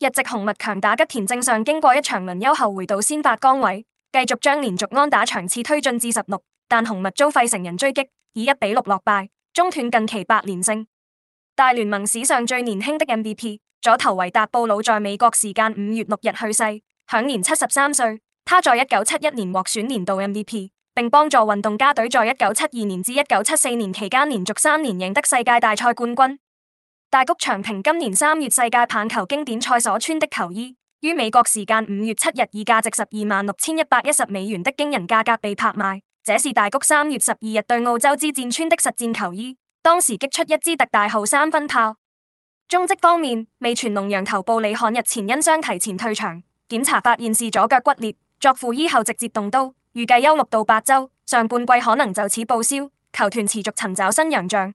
日籍紅襪強打吉田正上經過一場輪休後回到先發崗位，繼續將連續安打場次推進至十六，但紅襪遭費城人追擊，以一比六落敗，中斷近期八連勝。大聯盟史上最年輕的 MVP 左投維達布魯在美國時間五月六日去世，享年七十三歲。他在一九七一年獲選年度 MVP，並幫助運動家隊在一九七二年至一九七四年期間連續三年贏得世界大賽冠軍。大谷翔平今年三月世界棒球經典賽所穿的球衣，於美國時間五月七日以價值十二萬六千一百一十美元的驚人價格被拍賣。這是大谷三月十二日對澳洲之戰穿的實戰球衣，當時擊出一支特大號三分炮。中職方面，味全龍洋頭部李漢日前因傷提前退場，檢查發現是左腳骨裂，作護衣後直接動刀，預計休六到八周，上半季可能就此報銷，球團持續尋找新洋將。